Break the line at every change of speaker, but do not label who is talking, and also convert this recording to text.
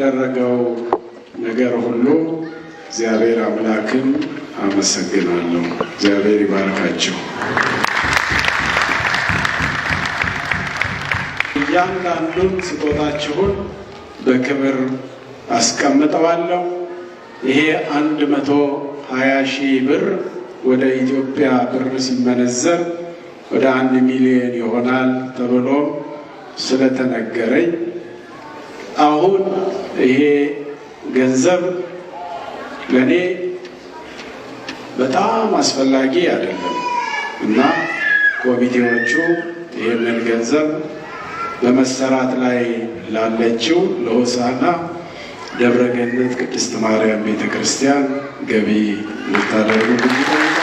ያደረገው ነገር ሁሉ እግዚአብሔር አምላክም አመሰግናለሁ። እግዚአብሔር ይባርካቸው። እያንዳንዱን ስጦታችሁን በክብር አስቀምጠዋለሁ። ይሄ አንድ መቶ ሀያ ሺህ ብር ወደ ኢትዮጵያ ብር ሲመነዘር ወደ አንድ ሚሊዮን ይሆናል ተብሎ ስለተነገረኝ አሁን ይሄ ገንዘብ ለእኔ በጣም አስፈላጊ አይደለም እና ኮሚቴዎቹ ይህንን ገንዘብ በመሰራት ላይ ላለችው ለሆሳና ደብረ ገነት ቅድስት ማርያም ቤተ ክርስቲያን ገቢ ልታደርጉ